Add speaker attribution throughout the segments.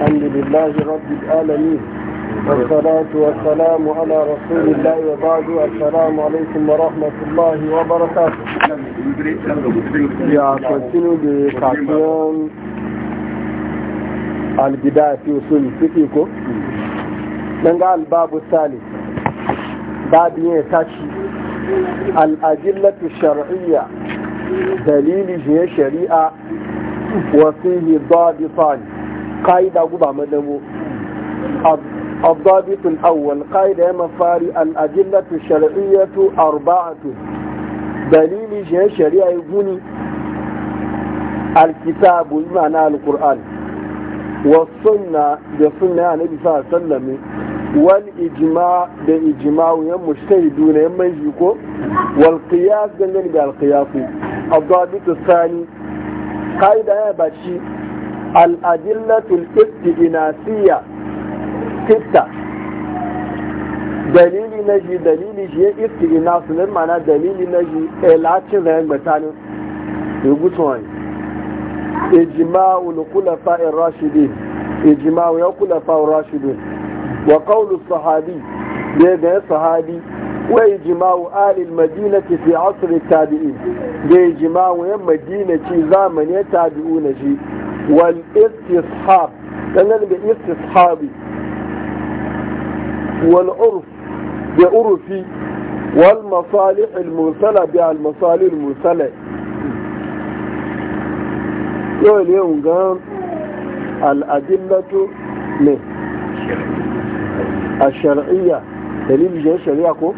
Speaker 1: الحمد لله رب العالمين والصلاة والسلام على رسول الله وبعد السلام عليكم ورحمة الله وبركاته يا كنتنو بكاتيون البداية في وصول فيكو ننقى الباب الثالث باب يتاشي الأدلة الشرعية دليل جهة شريعة وفيه ضابطان ƙa'ida guba madabo abdabitin awon ƙa'ida ya mafari al'ajillatu shari'iyyatu arba'atu dalili shi ya shari'a ya guni alkitabu ima na Wa wasunna da sunna ya nabi sallame wal ijima da ijima wuyan mushtari duna ya mai ko wal qiyas gangan da alkiyafu abdabitin sani ƙa'ida ya baci الأدلة الاستئناسية ستة دليل نجي دليل جي استئناس أنا دليل نجي إلا ذهن بتاني يقول إجماع الخلفاء الراشدين إجماع الخلفاء الراشدين وقول الصحابي بيدي الصحابي وإجماع آل المدينة في عصر التابعين بإجماع مدينة زامن يتابعون جي. wal istishab dangane da istishabi wal urf da urufi wal masalih al mursala bi al yau ne ga al adillatu ne a shar'iyya dalilin shari'a ko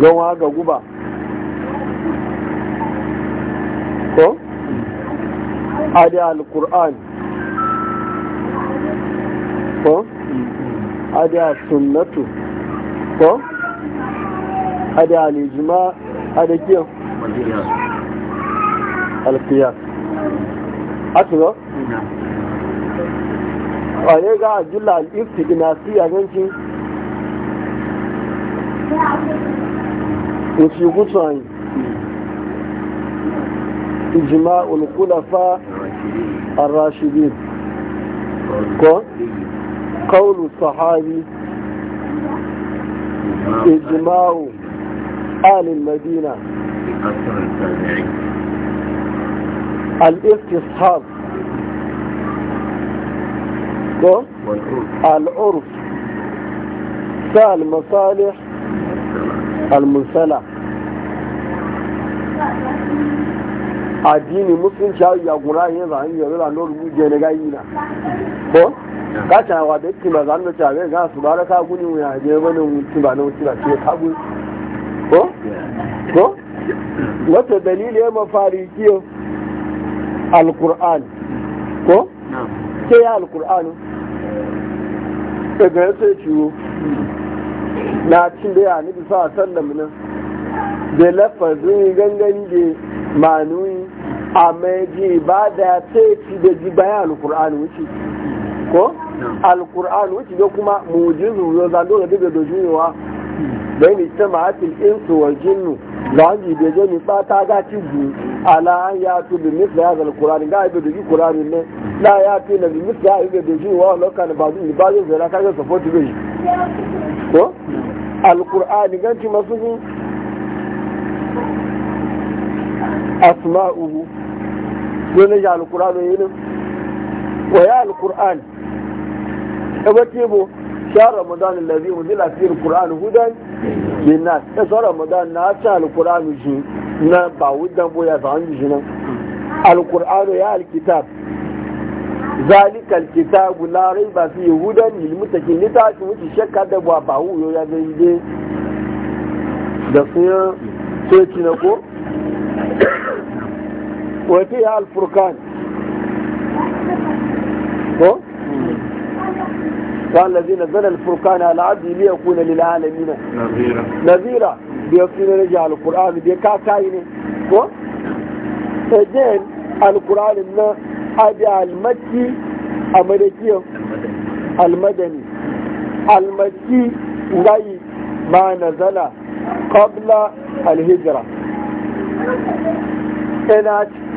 Speaker 1: gawa ga guba ko adi al-qur'an ko adi sunnatu ko adi al-ijma adi kiyo al-qiyas atuwa kwaye ga ajula al-ifti dinasi a ganci Nfi gutu anyi, ijima ulkulafa الراشدين قول الصحابي إجماع آل المدينة الاستصحاب العرف سال مصالح المنسلة addini musulunci ya yi agura yin zan yi yorula no rubu je gayi na ko ka ta wa da kima zan da ta ga su da ka guni mu ya je bane mu ci ba no ci ba ce ka guni ko ko wato dalili ya mafari kiyo alquran ko ke ya alquran daga sai ciwo na cin da ya nabi sa sallam nan da lafazin gangan da manuyi amma ya ji ba da ya sai ci da ji bayan alkur'an wuce ko alkur'an wuce da kuma mujizu ya zando da daga dojinewa bai ni ta hafi insu wa jinnu za a ji da jami fata ga ci ju ala an ya tu bi misla ya zal kur'an ga ibe doji kur'an ne la ya tu na bi misla ya ibe dojinewa lokan ba zai ba zai zara kaga support bai ko alkur'an ganci masu asma'uhu lónìí ṣe alukur'an yìí ni wọ́n yá alukur'an ya tí mo ṣe ramadan lẹ́bí mo nílà sí alukur'an hudan yìí náà ẹ sọ ramadan náà ṣe alukur'an yìí na ba hudan bóyá sàn ya náà alukur'an yà alikitab ذلك الكتاب لا ريب فيه هدى ta لتاش wuce shakka da ba hu yo ya zai da sai sai ko وفيها الفركان قال الذي نزل الفركان على عبده ليكون للعالمين نذيرا نذيرا بيكون رجع القرآن بيكا كاينه ko again alkur'anin na abi almaki a madakiyar almadani almaki gayi ma nazala qabla alhijira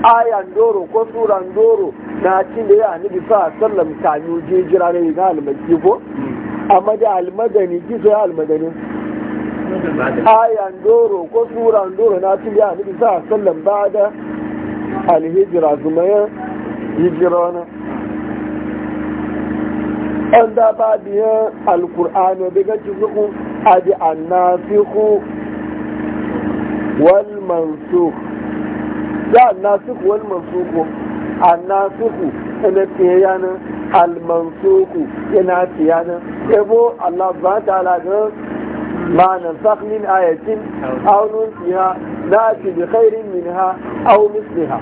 Speaker 1: ayan doro ko suran doro na cin da ya annabi sa sallam yi je jira ne ga almaki ko amma da almadani kiso ya almadani ayan doro ko suran doro na cin da ya annabi sa sallam ba da alhijira zumaya hijira na an da ba biya alkur'ani daga cikin adi annasiku wal mansukh الناسخ والمنسوخ الناسخ انتيانا المنسوخ انتيانا يبو الله سبحانه وتعالى ما ننسخ من آية أو ننسيها نأتي بخير منها أو مثلها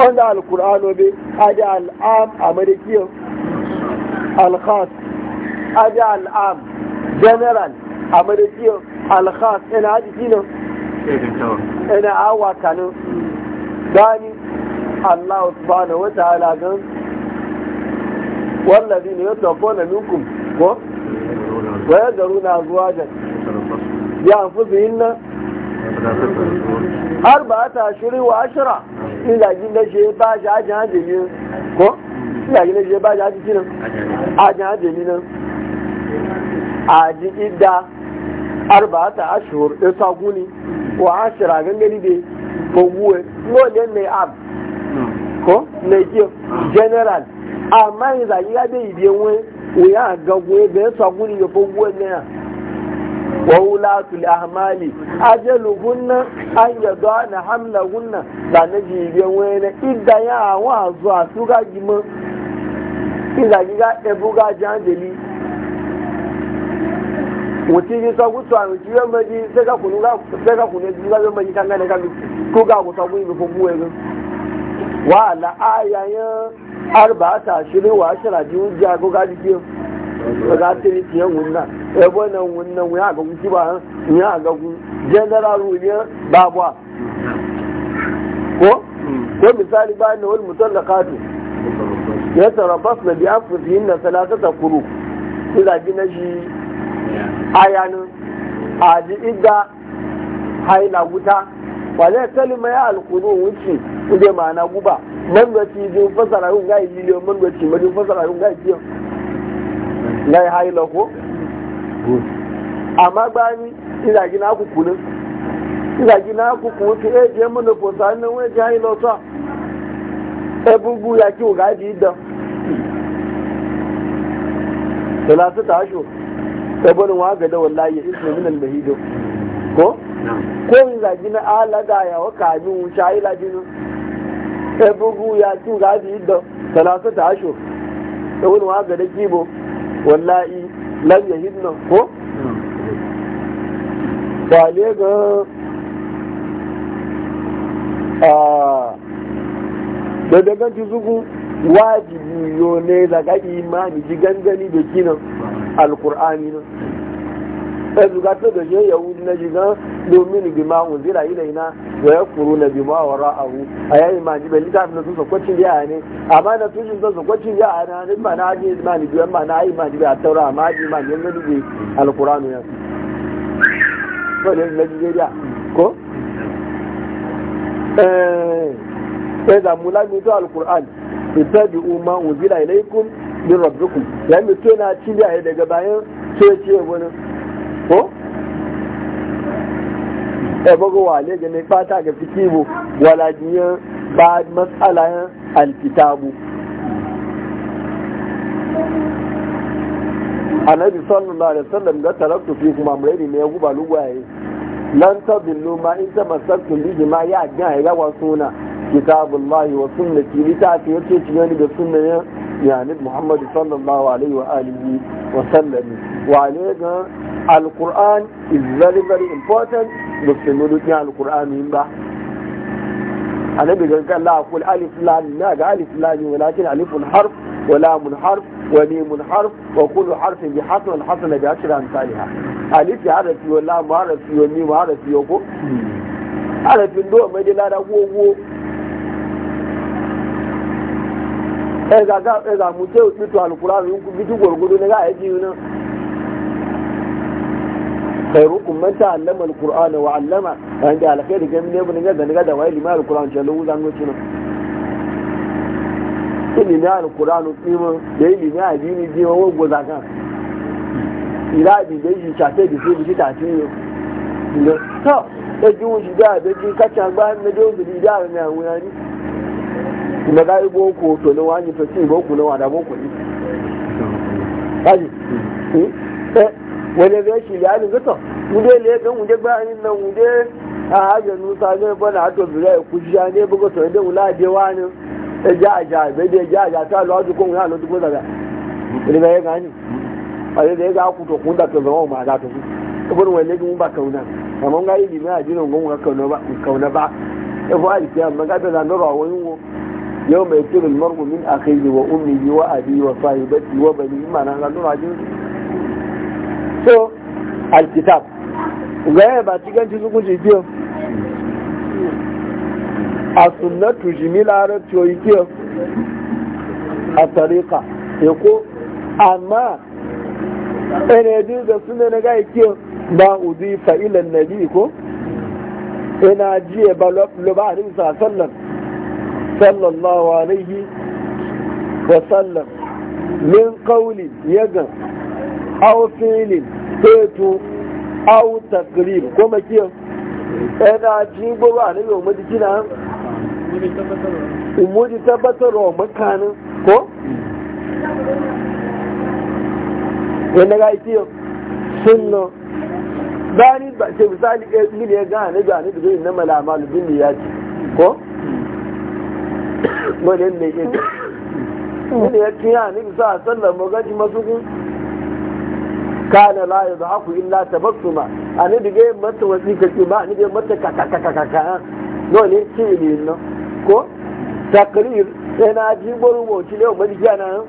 Speaker 1: عند القرآن بي أجعل عام أمريكي الخاص أجعل عام جنرال أمريكي الخاص أنا أجي فينه ina awa kanin gani Allah subhanahu wa ta'ala gan wallazi ne yadda kona minkum ko wa ya yadruna azwajan ya anfusihinna arba'ata shirin wa ashira ila gina shi ba shi ajin hajjeli ko ila gina shi ba shi ajin nan ajin hajjeli nan ajin idda arba'ata ashur ɗin saguni wa ashira gangani ko foguwe no de ne ab ko ne ke general amma yin zagi ga bai biyan o ya ga gwe ga yasa guri ya foguwe ne ya wa wulatu li ahmali ajalu hunna an yadda na hamla hunna da na jibiyan wani na idda ya wa zuwa su ga gima in zagi ga ebu ga janjeli wuti ji sa gutu a wuti yau maji sai ka kunu ga sai ka kunu ji yau maji kan gane kan ko ga gutu mun bi fubu yanzu wa la arba arba'ata shirin wa ashara ji wuja ko ga ji ko ga tiri ti yan wunna e na wunna wuya ga gutu ba ya ga gu general ya ruya babwa ko ko misali ba ne wal mutallaqatu ya tarabbas bi anfusihinna thalathata quru kula bi naji ayanu a ji idda haila wuta ba kalima ya alkunu wuce kuje ma'ana guba man ji ci jin fasara yun ga iliyo man da ci fasara yun ga kiyo na haila ko amma bani ina gina ku kunin ina gina ku kunin ke je mun fosa nan wai ji haila ta e bugu ya ki ga idan da talata ta asho saboda wa ga da wallahi isu ne minan mahido ko ko mi zagi na ala ga ya wa ka ju shayi la gina e bugu ya tu ga bi do salasa ta asho saboda wa ga da kibo wallahi lam yahidna ko wale ga a da daga ci zugu wajibi yo ne daga imani ji gangani da kinan alkur'ani nan ɗazu ga ta gaje yahudi na jigan domin bima unzira ilaina wa yakfuru na bima wa ra'ahu a yayi ma jibe littafin da sun sa kwacin ya ne amma na tushin sun sa kwacin ya ne ne ma na aje ma ni biyan ma na ayi ma jibe a taura amma aje ma ne ga dubi alkur'ani ya su. ko ne na jigeria ko eh sai eh, da mulami to alkur'ani ittabi'u ma unzira ilaikum min rabbikum ya mi to na ci da daga bayan so ce wani ko e bago wale ga ne fata ga fikibu wala diyan ba mas'ala alkitabu annabi sallallahu alaihi wasallam ga taraktu fi kuma amrani ne ya guba lugwaye lan tabillu ma in tamassaktu bihi ma ya ga ya wa suna kitabullahi wa sunnati litati yace ci gani da sunnan yani muhammadu sallallahu alaihi wa alihi wa sallami wale ga alkur'an is very very important musulmi dukkan alkur'ani ba annabi ga kalla kul alif lam na ga alif lam walakin alifun harf wala mun harf wa mimun harf wa kullu harfin bi hasan hasana bi ashra amsalha alif ya harafi wala mu harafi wa mim harafi ko harafin do mai da lada gogo ẹ̀ka ká ẹ̀ka mùtẹ́ òtútù àlùkùrá rẹ̀ bíjú gbòrògbòdò ní káyé jí iná. ẹ̀rú kò mẹ́ta àlẹ́mọ̀ àlùkùrá ọ̀nà wà àlẹ́mà ẹ̀ǹdẹ̀ àlàkẹ́ ìdíkẹ́ mi lẹ́bùn ní gẹ́gẹ́ nígbàdà wáyé lè má àlùkùrá ọ̀nà lówó zangoci náà. ilimi àlùkùrá ọ̀nà fi mọ́ èyí lè ní àdínní bí owó gbòdà kan. ìlà àdìgbẹ́ yìí ṣàṣẹ́ ìdìfẹ́ ibi títà sí yìí. tó bi oṣù dáa bẹ́ẹ̀ kuma ga o ko to ne wani to ci boku ne wada boku ne kaji eh wani ga shi ya ni gato mude le ga mude na mude a haje nusa ne ba na to bi ya ne bugo to da ula de wani e ja ja be na lo du ko da ga ni ga ni a le ga ku to ku da to ma da to ku ko wani le ba kauna amma ga yi bi ma ajin ngon ga kauna ba kauna ba e da na ro yau mai kirin margu min a kai wa ummihi wa abi wa sahibati wa bani imana na nuna so alkitab ga ba cikin ci suku ci kiyo a sunnatu jimila ratio yi kiyo a tariqa ya ko amma ɗaya da suna na ga kiyo ba uzi fa'ilan nabi ko ina jiye a sallallahu alaihi wa sallam min qawli yagan aw fi'lin tetu aw taqrib ko makiyo ina ji gobe a nabi umudi kina umudi wa makanin ko wanda ga iti yau sunno gani ba ce misali ɗaya eh, mil ya gane gane da zai na malama lubin ya ce ko wani ne ke ne ya kiya ni bisa a sallar magaji masu kun kana la ya zahaku illa ma. a ni dige mata wasi ka ki ba ni dige mata kakakakaka no ne ci ne no ko takrir sai na ji boru mo ci ne o madi kana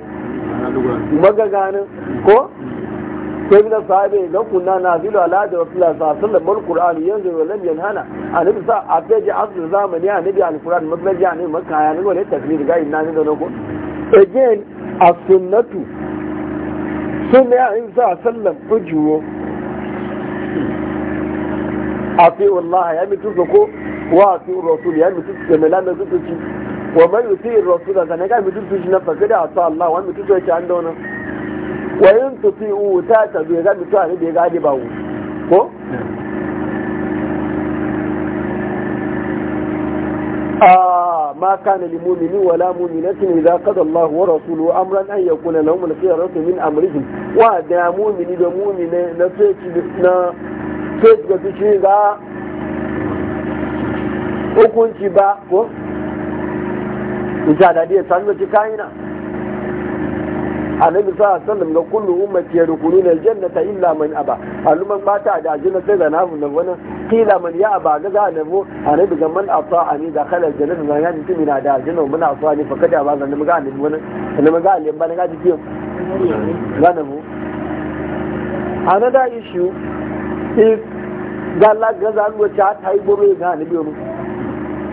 Speaker 1: magaganin ko sai bin sahabe ga kunna na zilo ala da rasulullah sallallahu sallar wasallam alquran yanzu lam hana. annabi sa a feji asirin zamani a nabi alkuran mafi a ne maka ya nuna ne tafi riga ina ne da nako again a sunnatu sunna ya annabi sallam ujuwo a fi wallah ya mitu ko wa fi rasul ya mitu da melana su tuci wa man yuti rasul da ne ga mitu tuci na fakada Allah wa mitu tuci da wannan wa in tuti ta bi ga mitu ne bi ga ba ko ما كان لمؤمن ولا مؤمنة إذا قضى الله ورسوله أمرا أن يكون لهم الخيرة من أمرهم وهذا مؤمن إذا مؤمن نفسك تشيغ hukunci ba ko da dai san mace kaina annabi sallallahu alaihi wasallam ga kullu ummati yadkhuluna illa man aba aluman mata da ajina sai da namu wannan kila man ya aba ga ga a annabi ga man afa a ni da khala jannatu ga ya tumi na da jannu muna afa ni fa kada ba zanen ga annabi wani ne annabi ga alim ban ga ji jikin ga nabo another issue is ga la ga za ngo ta tai boro ga annabi wani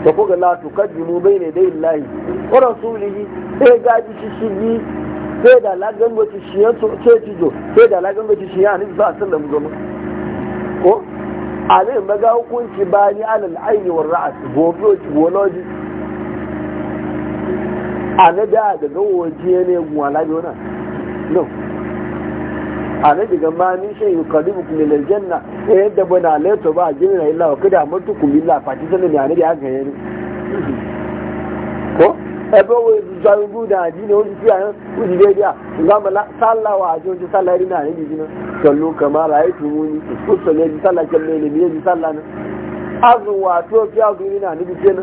Speaker 1: to ko ga la tu bai ne dai illahi ko rasulihi sai ga ji shi shi ni sai da la ga ngo ci shi sai ji jo sai da la ga ngo ci shi ya ni ba sallam mu ko abin maga hukunci ba ni alal aini ra'as gobiyoci goloji a na da daga waje ne gwala biyu no a na daga ma ni yi karibu kuma na janna da ba na laito ba a jini na illa wa kada mutu kuma illa fati sanin da ya ga yanzu ko ebe wo zarubu da adini wani fiye wani fiye biya zama sallawa a jiyoji sallari na yanzu jinan sallu kama yi tumuni kusa ne bi sallah kalle ne biye bi sallah na azu wato ki azu ina ni biye na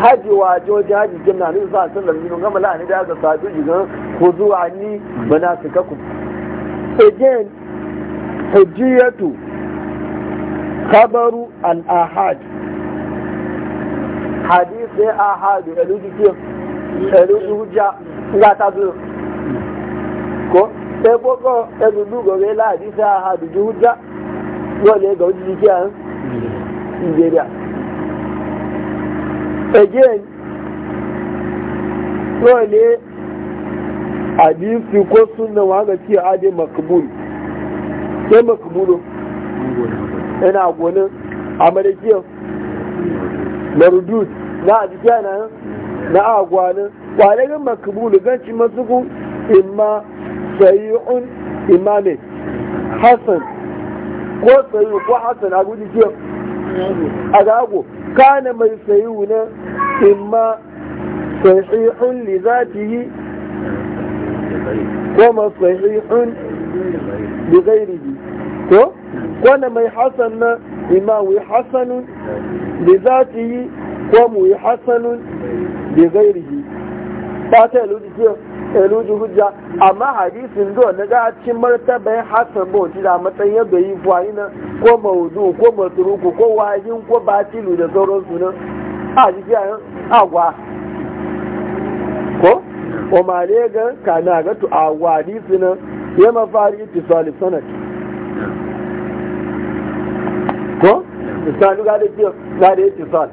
Speaker 1: haji wato ji haji kin na ni sa sallan ni ngama la ni da ga sadu ji gan ku zuwa ni bana suka ku again hujjiyatu khabaru al ahad hadith ya ahad eluji ki eluji hujja ga ta ko ebogo egudugo ge la di sa ha du juja yo le go di ki an eh? nigeria again yo le hadisi ko sunna wa ga ci ade makbul sai makbulo ina gonin amalikiyo marudud na hadisi na eh? na agwanin kwanarin makbulu ganci masu imma sayi'un imame hassan ko sayi ko hassan a guji ke a gago kane mai sayi wunan imma sayi'un li zatihi kuma sahi'un bi ghairihi ko kone mai hassan na imamu hassanun li yi ko mu hassanun bi ghairihi ba ta yi lodi kailu ji hujja amma hadisin zuwa na ga cikin martabai hasan bauti ci da matsayin yadda yi fuwani na ko maudu ko masuruku ko wajin ko batilu da sauransu na a a yan agwa ko o ne ga kana ga tu agwa hadisi na ya mafari tisali sanad ko misali ga da kiyo ga da ittisal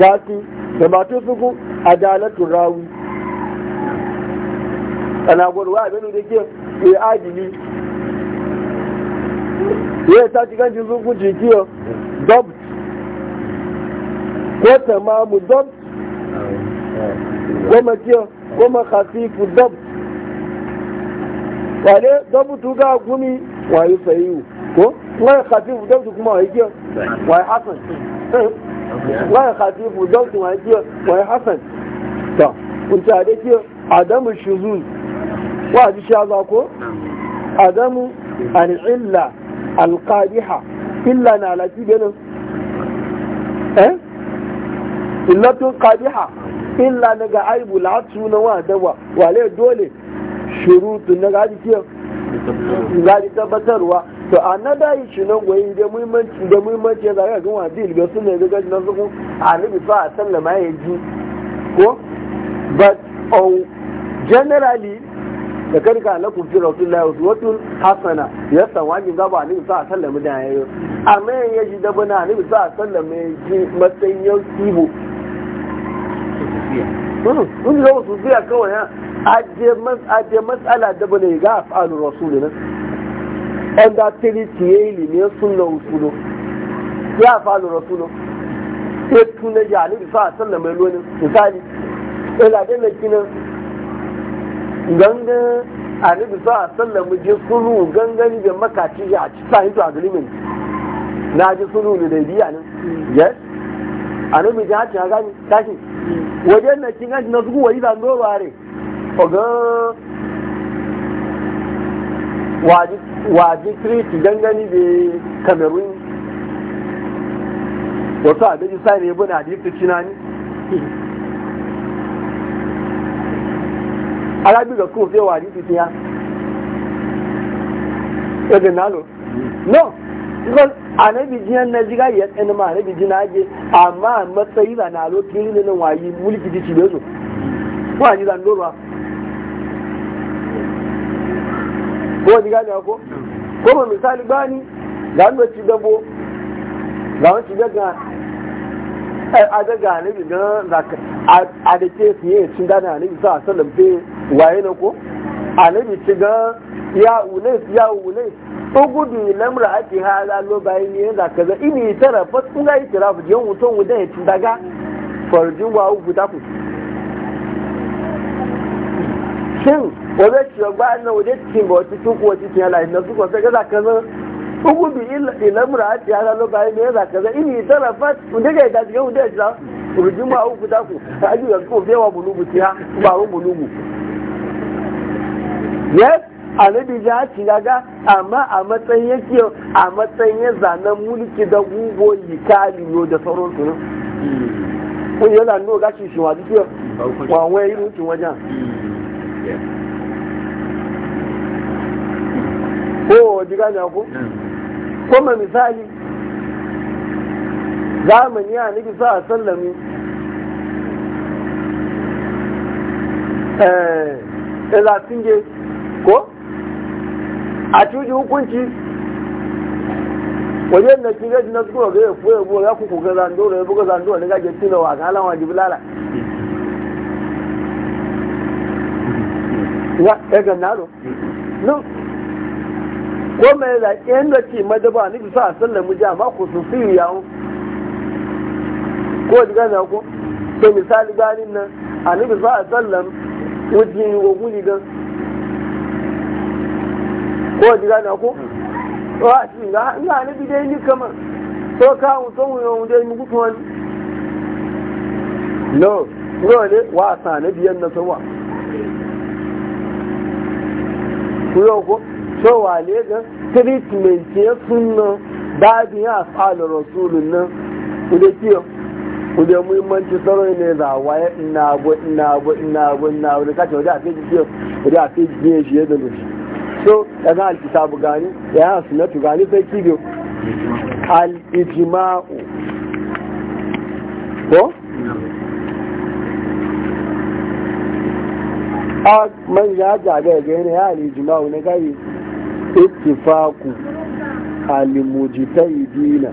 Speaker 1: ga ti da ba to suku adalatu rawi Kana gwarwa a benu da ke mai adili ya ta ci gancin sun kuce kiyo dobt ko tamamu dobt goma kiyo goma khasifu dobt wale dobutu ga gumi wayi sayiwu ko wani khasifu dobt kuma wayi kiyo wayi hasan wani khasifu dobt wayi kiyo wayi hasan ta kun ci a da kiyo adamu shuzuz wa ji sha Adamu ko illa al'illa alqadiha illa na lati benin eh illatun qadiha illa na ga aibu latu na wa dawa wale dole shurutu na ga ji ga ji tabbatarwa to another issue nan goyi da muhimmanci da muhimmanci ya zaga ga wadi ilbe sun ne ga nan zuku annabi fa sallama ya ji ko but oh generally da karka lakum fi rasulillahi uswatun hasana ya san wajin gaba ne sa sallama da yayi amma ya ji da bana ne sa sallama ji matsayin yau tibo hmm, kun ji wasu biya kawai ya ajiye matsala da bane ga afalin rasulina an da tiri tiye sun na usulo ya afalin rasulo sai tuna ya ne sa sallama lonin misali ila da kinan ganga a nabi sa sallam je sunu gangani da makaci a ci sa hizo agreement na ji sunu ne da biya nan yes a nabi ji hacin gani ne tashi hmm. wajen na kin hajji na zuku yi zan doro are oga waji treaty gangani da cameroon wasu abin ji sa ne bu na yi fi cinani hmm. arábìnrin kò fẹ́ wà ní titi ya ẹgbẹ̀ náà lò no because anabi jiyan na jiga ya tsani ma anabi ji na je amma matsayi da na lo kiri ne nan wayi mulki ji cibe su ko ni zan dora ko ni gane ko ko ba misali bani da an ci dabo da an ci daga a daga anabi zaka, a da ke fiye cin dana anabi sa sallan fe waye na ko alabi ci ga ya ulais ya Ugu ugudu lamra ake hala lo bayan ne za ka ini tara fa tun ga itira fu yan wuton wudan ya tun daga farjin wa ugu da ku shin wanda ci ba na waje cikin ba wata tuku wata cikin ala inda su kwasa ga za ka ga lamra ake hala lo bayan ne za ka ini tara fa tun daga ita cikin wudan ya tun daga farjin wa ugu da ku ta ajiyar ko bewa bulugu ta ba bulugu yes annabi ya ci gaga amma a matsayin yake a matsayin zanen mulki da gugo likaliyo da sauran su kun yana zanen ga shi wa wajen kiyo wawon yi rutun wajen ko jiga ne ko kuma misali zamani a nabi sa a sallami eh ila tinge ko a cuji hukunci waje da kiga na suka ga ya fuye ya kuku ga zando ya buga zando ne ga tuna wa kalan wa jibilala ya ya ga nalo ko mai da yan madaba ni mu jama ko su fiyu yawo ko na ko to misali ganin nan annabi sallallahu alaihi wasallam wajin ko ji na ko to a ci ga ina ne bidai ni kama to ka mu to mu yau dai mu gutu wani no no ne wa sa ne biyan na sawa ku yau ko so wa ne ga treatment ya sunna babin ya fa'ala rasulun nan ku da kiyo ku da muhimmanci sarari ne za waye ina go ina go ina go ina go da kace wajen a fi jiye shi yadda da shi so daga bu gani da ya natu gani sai kibiyo al ijimau ko a man ya jaga ga yana ya al ijimau na gari ittifaqu al dina,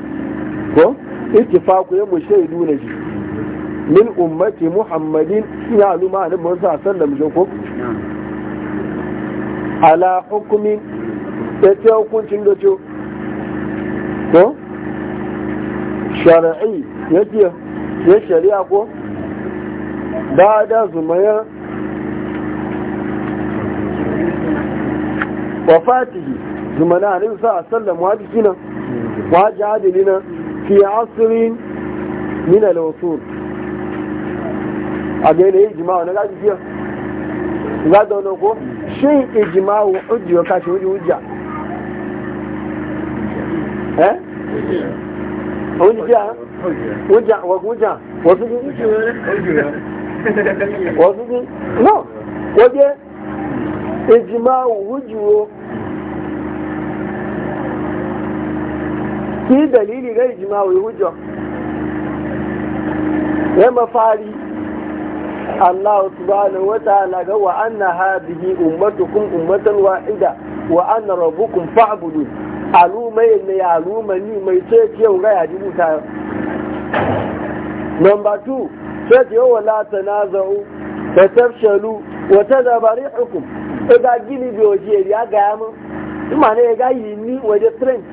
Speaker 1: ko ittifaqu ya mushaidu na ji min ummati muhammadin ya aluma ne mun sa sallam ko ala hukumi ya ce hukuncin da ce ko shari'i ya ce ya shari'a ko ba da zumaya wa fatihi zumana a nisa a sallam wajiki nan wa adili nan fi asirin min alwasul a ga yi jima'a na gaji fiye ga zaune ko shin ijima hujja ka shi wuri hujja eh hujja hujja wa hujja wasu ji wasu ji no waje ijma'u hujjo ki dalili ga ijma'u hujja ya mafari Allah subhanahu wa ta'ala ga wa anna hadhihi ummatukum ummatan wahida wa anna rabbukum fa'budu alumai ne alumani mai sai yau ga yadi buta number 2 sai yau wala tanaza'u tatafshalu wa tadabarihukum ida e gini bi oje ya ga yamu kuma ne yi ni waje trend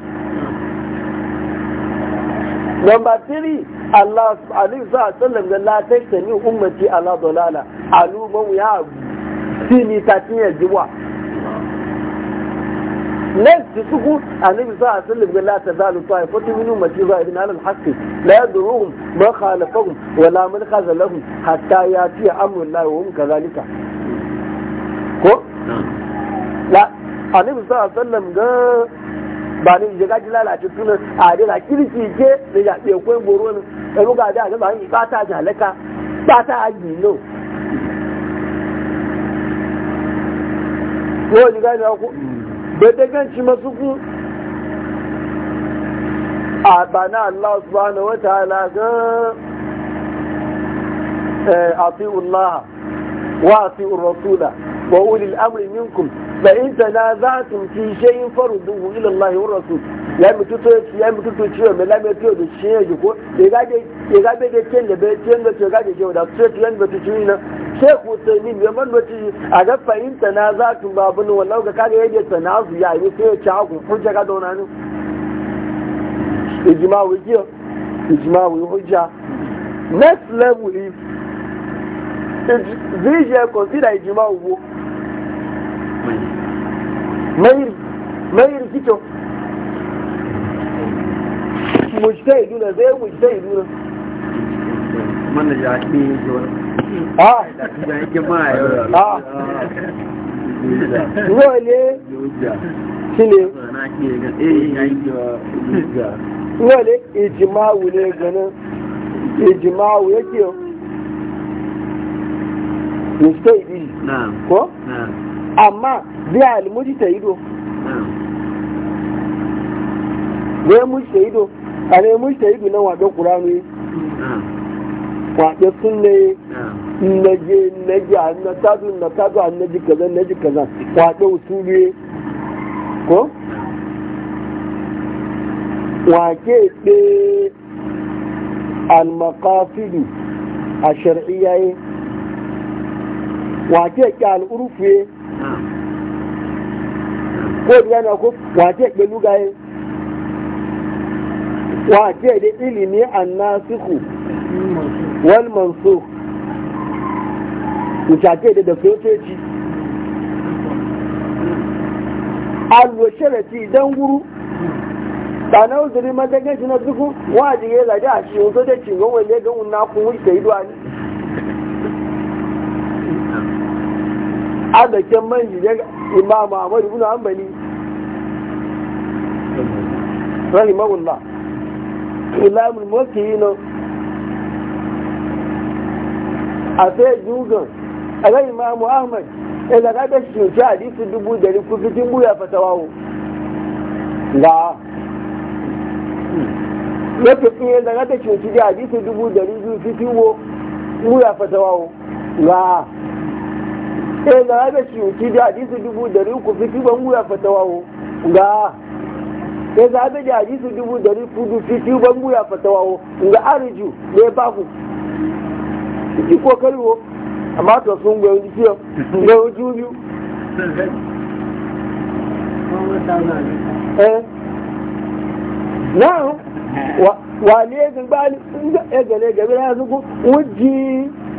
Speaker 1: number 3 Allah alif za a sallam da la taitani ummati ala dalala aluman ya sini tatin ya jiwa next suku za a sallam ga la tazalu ta'ifatu min ummati zahirin ala al-haqq la yad'uhum ba khalafahum wa la man khazalahum hatta fi amru Allah wa hum zalika ko la annabi sa sallam ga ba ni je gaji lalace tunan a da la kirki je da ya tsaye kwen boro ne da ruga da ga ba ni ba ta jalaka aji no ko ni ga ni ko da da ganci masu ku a bana Allah subhanahu wa ta'ala ga eh wa وأولي الأمر منكم فإن تنازعتم في شيء فردوه إلى الله والرسول ya mutu to ya mutu to ciwo me la meto do shiye juko e ga de e ga be de ken de be ken de to ga de jo da to tiyan be to ciwo na sheikh usaini be man wati a ga fa'in tanazatu babun wallahu ga kage yaje tanazu ya yi sai ya ci ku kun ga dona ne ijma wi ji ijma wi hujja next level is vision consider ijma wi
Speaker 2: mayiri
Speaker 1: mayiri kicin mujtai duna zai mujtai duna mana ya ke yi a ya ke ma a yau ne shi ne wale eh, ijimawu ne ganin ijimawu yake mujtai
Speaker 2: biyu ko?
Speaker 1: amma zai almuji ta ido zai muji ta ido a ne muji ta ido na wato kuranu yi wato sun ne naje naje a na tazu na tazu a naji kaza naji kaza wato usuli ko wake ɗe almakafidu a shari'iyaye wake ƙi al'urufu ko biya na ko wace ke lugaye wace da ilimi nasiku wal mansukh wucace da da sojoji alwa sharati dan guru tsanau zuri madagan shi na duku wajen ya zaje a shi yanzu da cingon wale ga unna kun wuce yi ne adaken man jijiyar imam ahmad ibn hanbali rahimahullah ilamul mulki yino a sai jugan a ga imam ahmad ya e zaga da shi hadisi dubu dari kusurcin buya fatawawo ga ya fi ya zaga da shi hadisi dubu dari biyu fitiwo buya fatawawo ga eh na ga shi ki da hadisi dubu dari uku fiti ban guya fatawawo ga eh za ga da hadisi dubu dari kudu fiti ban guya fatawawo ga arju ne ba ku ki kokari wo amma to sun ga wani ciyo ga wuju eh na wa ne ga ba ni ga eh, ga ne ga ba su ku wuji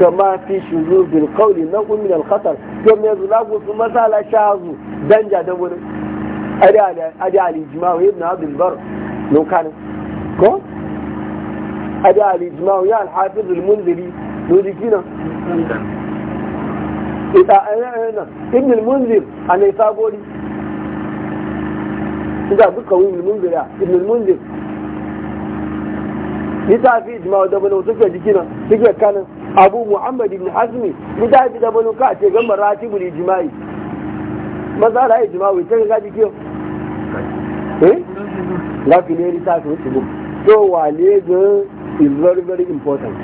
Speaker 1: كما في شذوذ القول نوع من الخطر كما يزلاغ في مسألة شاذ دنجا دول ادي على ادي اجماع ابن عبد البر لو كان كو ادي على اجماع يا الحافظ المنذري لو ديكينا إذا أنا ابن المنذر أنا يصابوني إذا بقى ابن المنذر ابن المنذر ni ta fi ijima wadda bane wasu ke abu muhammad ibn azmi bida bida bano ka ce ga maratibul ijma'i maza da ijma'i ta ga kiyo eh la ki ta so su so wale ga is very very important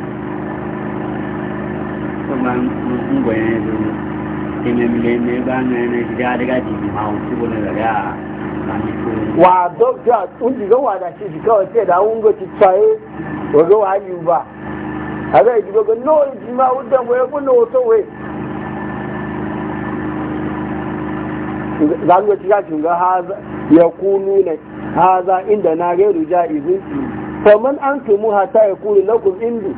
Speaker 1: ba wa dokta un ji wa da shi kawai sai da un go ci tsaye wa ba aga ijiba ga no ijima udda mo ya kunna wato we zan ga tiga ga haza ya kunu ne haza inda na ga ruja izin fa man antumu hatta yakulu lakum indi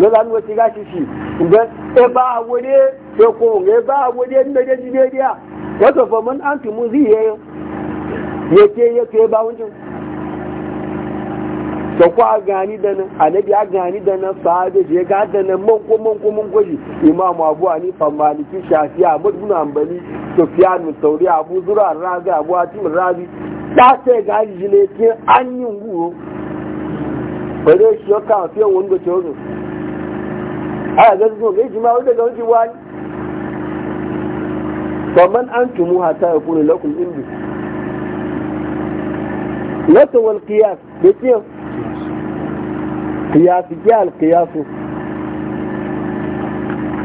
Speaker 1: ga zan ga tiga shi shi ga e ba wode ya e ko ga e ba wode ne da jidiya wato fa man antumu zai yake yake ba wancin da kwa gani da nan annabi ya gani da nan sahabe je ga da nan man ko man ko man goji imamu abu hanifa maliki shafi'i ahmad bin hanbali sufyan tawri abu zura razi abu hatim razi da sai ga jile tin an yi nguro bare shi ka fi won go tozo aya ga zo ga jima wanda ga wuce wani faman antum hatta yakunu lakum indi wata wal qiyas da kiyasi ya alkiyasu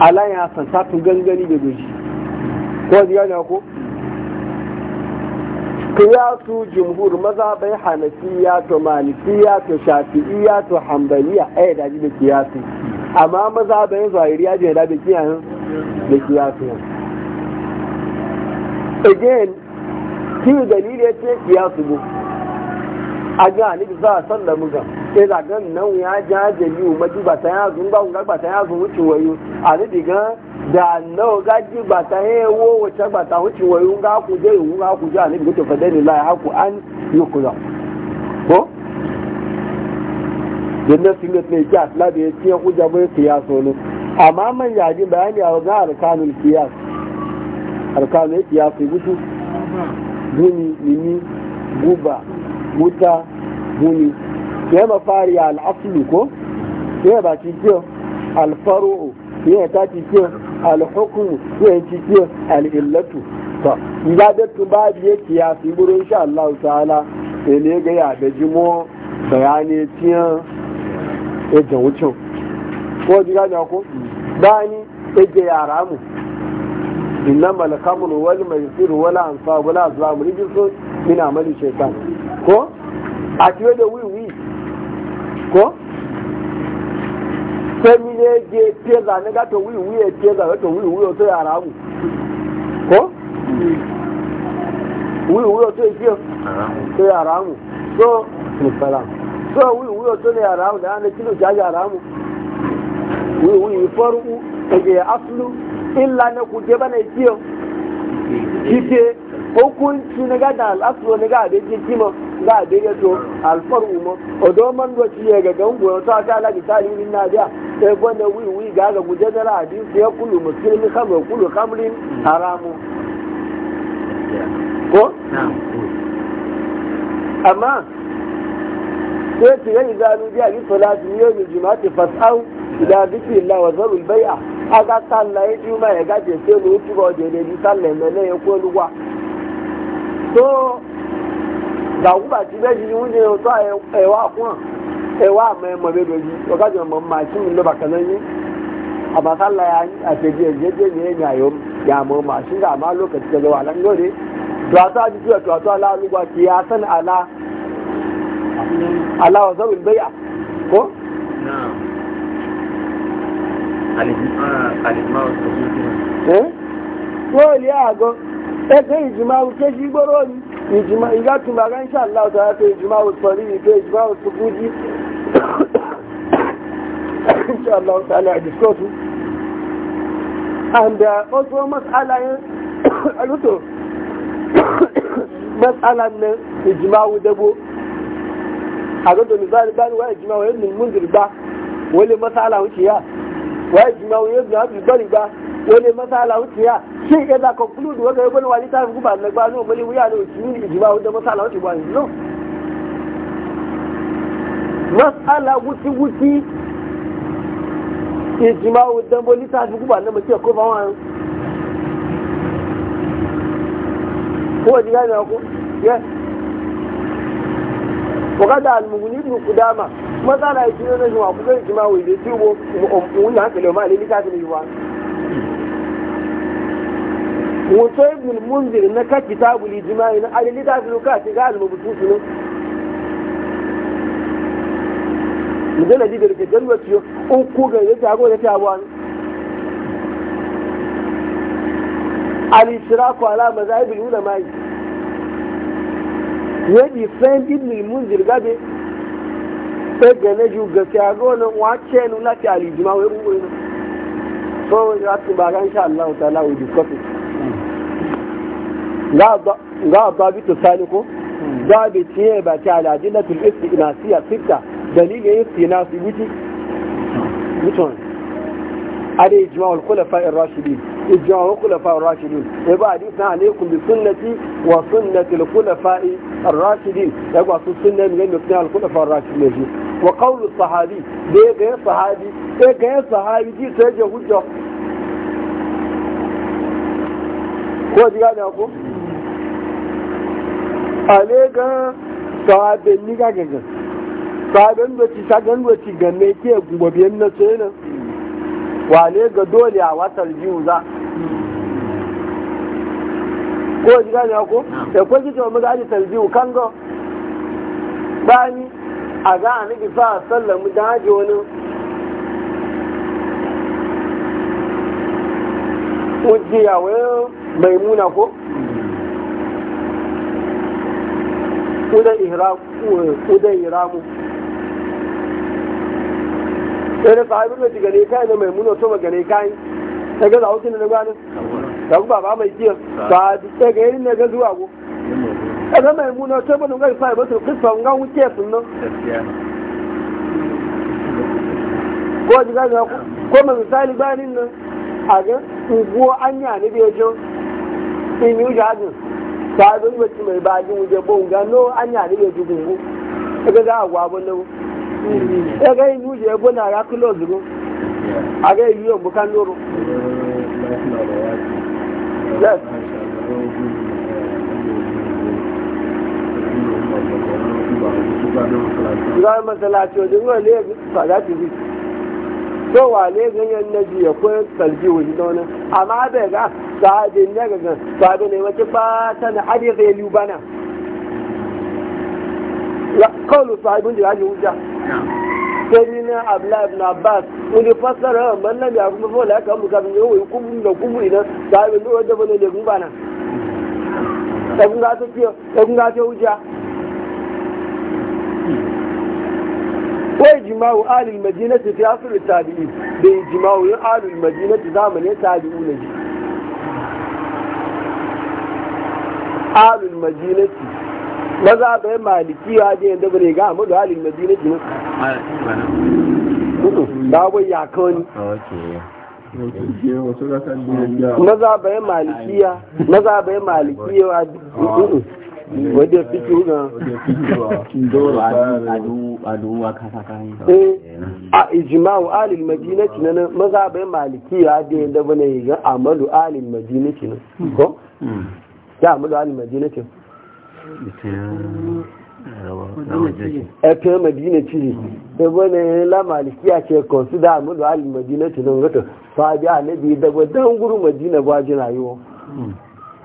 Speaker 1: على يا san غنغني gangani da doji ko قياس جمهور kiyasu jumhur maza bai hanafiya to malikiya to shafi'iya to hambaliya ai eh, da da kiyasi amma maza bai da again ki dalili ya ce kiyasu bu a ga ni za a mu ga sai da gan nan ya ja da yi umma ji ba ta ya ba ga ba ta ya zun wayo a ni diga da nawa ga ba ta ya wo wace ba ta wuce wayo ga ku je yi ga ku ja ni bi to fadani la haku an yukula ko dinna singat ne ja la da ya ce ku ja bai ne amma man ya ji bayani a ga arkanul kiyas arkanul kiyas gudu gumi nini guba wuta gumi ya mafari al'aslu ko ya ba ci kiyo alfaru'u ya ta ci kiyo alhukumu ya ci kiyo al'illatu to ya da tuba biye kiyasi buru insha Allah ta'ala ele ga ya da jimo bayani tiyan ya da wucin ko ji ga ko bani ya yara mu khamru wal ansabu la min amali shaytan ko a da ko sẹ́mi ní ẹgbẹ́ pẹ́ẹ́sà nígbà tó wí ìwúyẹ pẹ́ẹ́sà tó wí ìwúyẹ tó yàrá wù ko wí ìwúyẹ tó ìfẹ́ tó yàrá wù tó wí ìwúyẹ tó wù wù wí ìwúyẹ okùn nígbà dàn nígbà za a daidai to alfar umar odo man do ciye ga gango to aka ala misali min na dia sai gwanda wi wi ga ga guje da hadisi ya kullu muslimi khamr kullu khamrin haramu ko amma sai ce yayi zalu dia ni salatu yawmil juma'ati fas'au ila dhikrillah wa zarul bai'a aga sallaye juma'a ga je sai mu tuba je ne sallaye ne ya ko luwa so gàwúgbà tí bẹ́ẹ̀ ṣiṣẹ́ oúnjẹ ọ̀tọ́ ẹ̀wà fún ẹ̀wà àmọ́ ẹ̀mọ́ bẹ́ẹ̀ lójú ọ̀gájọ mọ̀ máa ṣí mi lọ́bàkà lẹ́yìn àbàtàlà àtẹ̀jẹ́ ìjẹ́jẹ́ ní ẹ̀yìn àyọ̀ yàmọ̀ máa ṣí gà máa lókè tẹ̀lé wà lọ́dẹ tòwátọ́ àdìsí ọ̀tọ̀ ọ̀tọ́ aláàlúgba kì í asán àlá àlá ọ̀sọ́ ijima iga tuma ga insha Allah ta ta ijima wa tsari ta ijima wa subuji insha Allah ta ala discuss and uh, also mas'ala aluto mas'ala ne ijima wa dabo a ga domin zai bani wa ijima wa yin mundir ba wani mas'ala wuce ya wa ijima wa yin mundir ba wani masala wuce ya shi ya za ka kulu da wani wani wani ta guba na ba no bali wuya no shi ne ijma wanda masala wuce ba no masala wuce wuce ijma wanda bali ta guba na mace ko ba wani ko wani gane ko ya wakada almuguni ibn kudama masala ya shi ne na shi wa kusa ijma wanda ciwo wani hankali ma ne littafin yi wani wato ibn munzir na ka kitabu lijimai na alili ta fi luka shiga almabutu su ne mujalla ji garke dalwa ciyo in ku ga ya tago ya tago an al-ishraku ala mazahib al-ulama ya di fan ibn munzir gabe e ga na ju ga tago na wace nula ta al-ijma wa ruwa so ya ci ba ran sha Allah ta'ala we discuss it ga ga babu to tiye ba ta ala dillatul istinasiya sitta dalilin istinasi mutum khulafa ar-rashidin khulafa ar-rashidin ba hadisi bi sunnati wa sunnati al-khulafa ar-rashidin ya ba su sunna al-khulafa ar-rashidin wa qawlu sahabi ga sahabi ga sahabi ji sai hujja ko ji gane ku ale ga sahabin ni ga gagan da ci sagan da ci game ke gobe na ce ne ga dole a watar jiwu za ko ji gane ku da ko ji mu ga ji kan ga bani a ga annabi sa sallamu da haji wani ó jí maimuna ko udan iramu sai da sahabin da gane kai da maimuna to gane kai ta ga zawo da gwanin ta ku baba mai kiyar ta ta ga yin na ga zuwa ko kaga maimuna to ba nunga sai ba su kisa ngan wuce sun nan ko ji ga ko ko misali bayanin nan a ga unguwa anya ne bai jin in yi jajin sabon wacce mai bajin wuje bon gano an yare ya ji za a gwabo na wu daga yi ya bona ya zuru a ga yi yau bukan noro yes Zai masalaci wajen wani ne sada tv. na sahabi ne ga sahabi ne wace ba ta na hadisi ya lubana kawai sahabin da ya ji hujja na abdullahi ibn abbas wani fassara man lam ya kuma fola ka mu kafin yau yi da kubu idan sahabin da wanda bane da kuma nan sai kun ga ta ce sai kun ga آل المدينة في عصر التابعين بإجماع آل المدينة زمن التابعون alul madinati maza bai maliki ya je yanda bane ga amadu alul madinati ne ba wai ya kawani maza bai malikiya maza bai malikiya wa wadda fiki huna eh, a ijimawu alil madinati na maza bai malikiya da yanda bane ga amalu alil madinati na ko ya amadu ali madina ce ẹ̀tọ́ madina ce ẹgbẹ́ na yẹn lamaliki a ce consider mu da madina ce don gata fadi anabi dagwa don guru madina ba ji rayuwa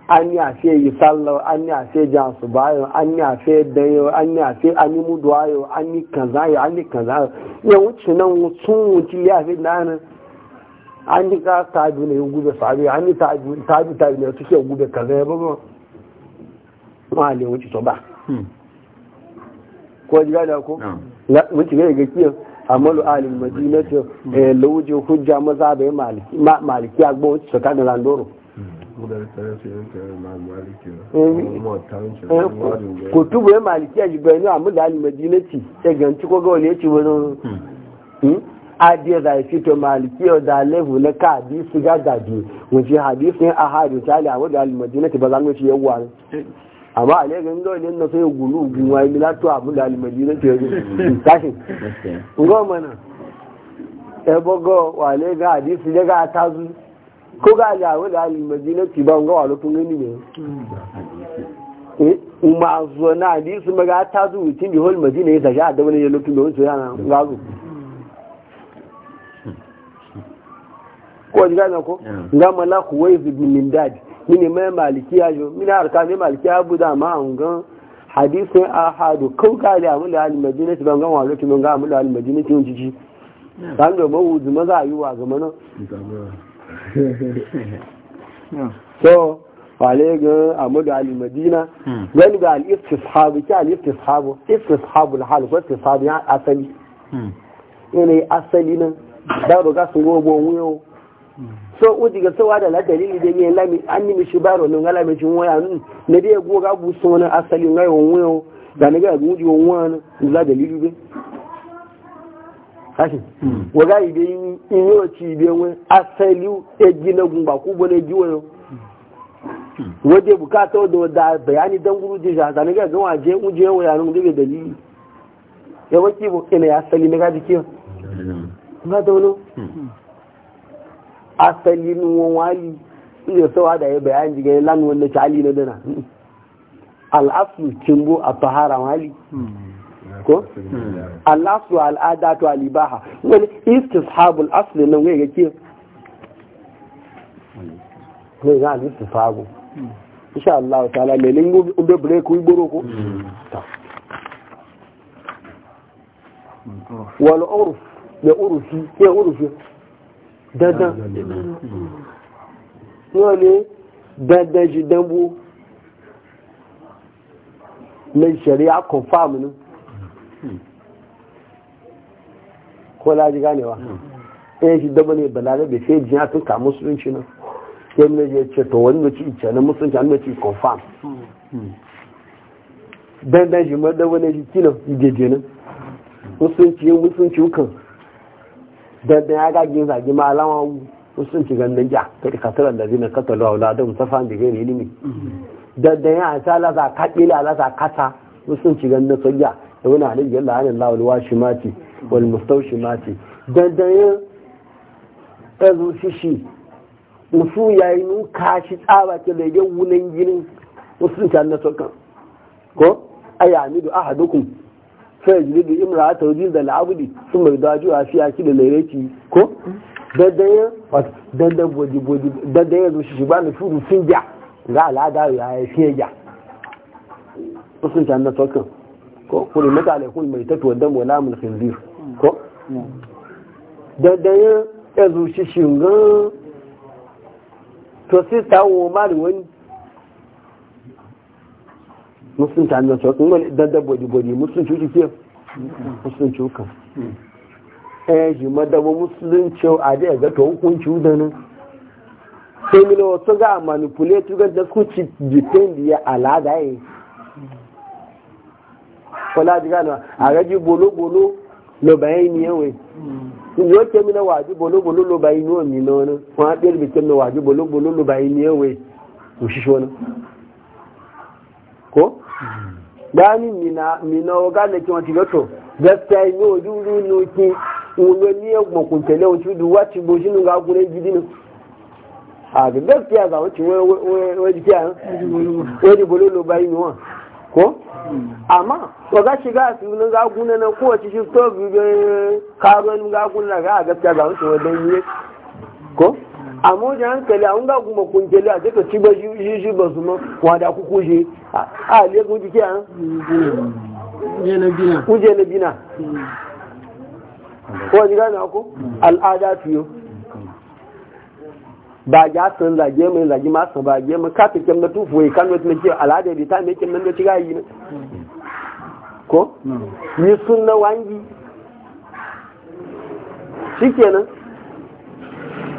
Speaker 1: an yi afe yi sallar an yi afe jan su bayo an yi afe dayo an yi afe an yi mudu ayo an yi kaza an yi kaza yawon cinan sun wuce ya fi nanin an yi ka tabi ne yin gube sabi an yi tabi tabi ne suke gube kaza ya bago ma ne wuce to ba hmm. ko ji gada ko wuce ga ga kiyan amalu alim madina to hmm. eh, lauje hujja maza bai maliki maliki agbo wuce to kana landoro hmm. eh, eh, ko tubu ya maliki a jibani amalu alim madina ci ya ganci ko ga wani ya ci wani adiye da fito maliki da levu na ka hadisi ga gaji wuce hadisin a hadu tali a wadda almadinati ba za mu ci yawwa amma a legan dole na sai gulu guwa mila to abu da almadinati ya tashi ngo mana e wa ko ga wadda ba ne e, na hol madina ya da wani da wani ko ji gane ko nga mala kuwai ibn mindad mini mai malikiya yo mini harka mai malikiya bu da ma an gan hadisin ahadu kau ka Ali amul al madinati ban gan wa lokacin ga amul al madinati yun jiji dan da mawu zuma za yi wa ga mana so wale ga amul al madina wani hmm. ga al istishabu ki al istishabu istishabu al hal ko istishabu ya asali hmm. ne asali nan da roga sun gobo wuyo so uji ga sawa da dalili da yin lami an yi mishi baro nan ala mishi waya nan ne dai go ga bu so na asali ngai won wayo da ne ga guji won wan za dalili be kashi wa ga ibe yi yo ci be won asali e gina gun ba ku bo ne ji wayo waje bukata da da bayani dan guru ji da ne ga je waje uje waya nan da dalili ya waki bo kina asali ne ga jiki ba da asalin wani iya sawa da ya e bayan jiga ya lan wanda ci hali na dana al'asu cimbo a fahara wali hmm. ko hmm. al'asu al'ada to alibaha wani istishabul asli nan wai ga ke wai ga istishabu hmm. insha Allah ta'ala me lingo ube break wi boro ko wal urf ya urfi ya urfi dandan wọ́n ni dandan ṣe dánwó lè ṣẹ̀rí akọ̀fàmù ní kó láti gánewa ɗaya shi dama ne balarabe sai jiya tun ka musulunci nan sai mai ya ce to wani mace ice na musulunci an mace confirm dandan ne kan dandan ya gage zage ma alama wasu ci ganin ja ta ka kataran da zina katalo wala da musafa da gairi ilimi dandan ya sa la za ka kila la za kata wasu ci ganin soja da wani halin yalla hanin lawal washimati wal mustawshimati dandan ya azu shishi musu yayi nu kashi tsaba ke da yawunan ginin wasu ci ganin kan. ko ayamidu ahadukum sai jiri da imra ta wajen da la'abudi sun mai dajo a fiya ki da laireki ko dandaye dandan dandan ya zuci shi ba na furu sun ja ga al'ada ya yi fiye ja sun can na sokin ko kuri mata mai tafi wadda mola mulkin zir ko dandan ya zuci shi ga to sai ta wo mari wani muslim ta hannun sauƙin wani dandan bodi-bodi muslim cuci fiye muslim cuka ɗaya eh, ji madaba muslim cewa a da ga ta hukunci udanin sai mila wasu ga a manipulate ga da su ci jikin ya alada ya yi kwala ji gano a gaji bolo-bolo lo ni yawai sun yi wake mina waji bolo-bolo lo bayan ni wani na wani wani ɗaya bikin na waji bolo-bolo lo ni yawai mu shi shi ko gbani mina mina oga ne ki won ti goto gaskiya ni oju ru nu ki ulo ni egbon kun tele o ti du wa ti bo sinu ga gure gidi nu a ga gaskiya ga ti we we di kiya eh? we di bolo lo bayi ni won ko amma oga shiga su nu ga gune na eh, eh? ko ti shi to ga ti amma da hankali an ga kuma kunkeli a cika ci ba shi shi ba su ma wada ku kuje a le ku jike an kuje na bina ko ji gane ko al'ada fiyo ba ya san zage mai zage ma san zage mai ka ta kemna tufu ya kan wata nake al'ada da ta mai kemna da shiga yi ko ni sunna wangi shikenan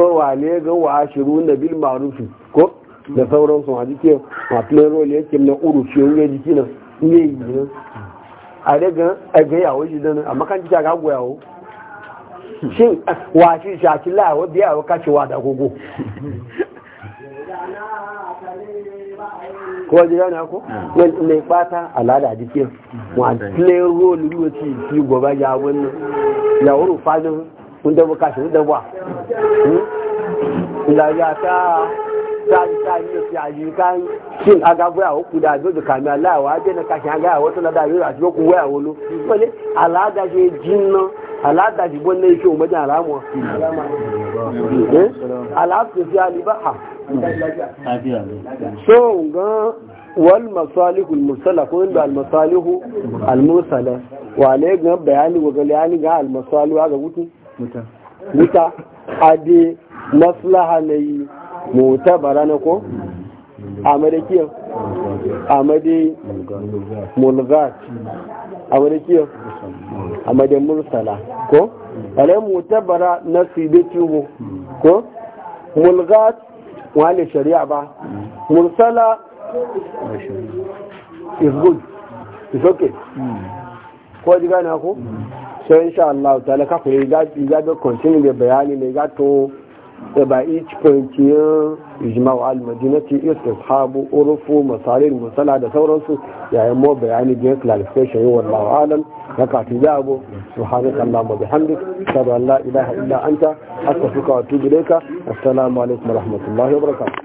Speaker 1: so ne ga wa shiru na bil marufi ko da sauransu a jikin mafilero ne yake na uru yin ya jiki na ne yi ne a daga ga yawo shi dana amma kan jika ga goyawo shi wa shi shaki lawa biya wa kace wa da gogo ko ji na ko ne fata alada mu wa filero ne yake ci gobe ya wannan ya wuri fadin ndẹ́bọ̀ káṣí ndẹ́bọ̀ à ìlàyé àtà sáàyí sáàyí òfin àyíká ṣe agagbé àwọn kùdà àgbẹ̀dù kàmí aláàwọ̀ ajẹ́nà káṣí agáyà àwọn tó nàdá yóò àti okùn wẹ́yàwó ló wọlé aláàdáṣe jìnnà aláàdáṣe bọ́ ní iṣẹ́ òmọdé àlámọ̀ aláàfẹ́fẹ́ alibáhà so ngan wal masalihu al-mursala ko inda al-masalihu al-mursala wa ne ga bayani wa ga bayani ga al-masalihu ga gutu wuta adi maslaha na yi mota bara na ko amadakiyar amade mulgat amadakiyar amade mursala ko alai mota bara na sibe tubu ko mulgat wani shari'a ba mursala is good is okay hmm. ko ji gane ko hmm. so insha Allah ta'ala ka ku da ga da continue da bayani ne ga to da ba each point ya ijma'u al madinati istishabu urufu masalir musala da sauransu yayin mo bayani da clarification yau wallahu alam ya ka ti jabo subhanallahi wa bihamdik saballa ilaha illa anta astaghfiruka wa atubu ilaika assalamu alaikum wa rahmatullahi wa barakatuh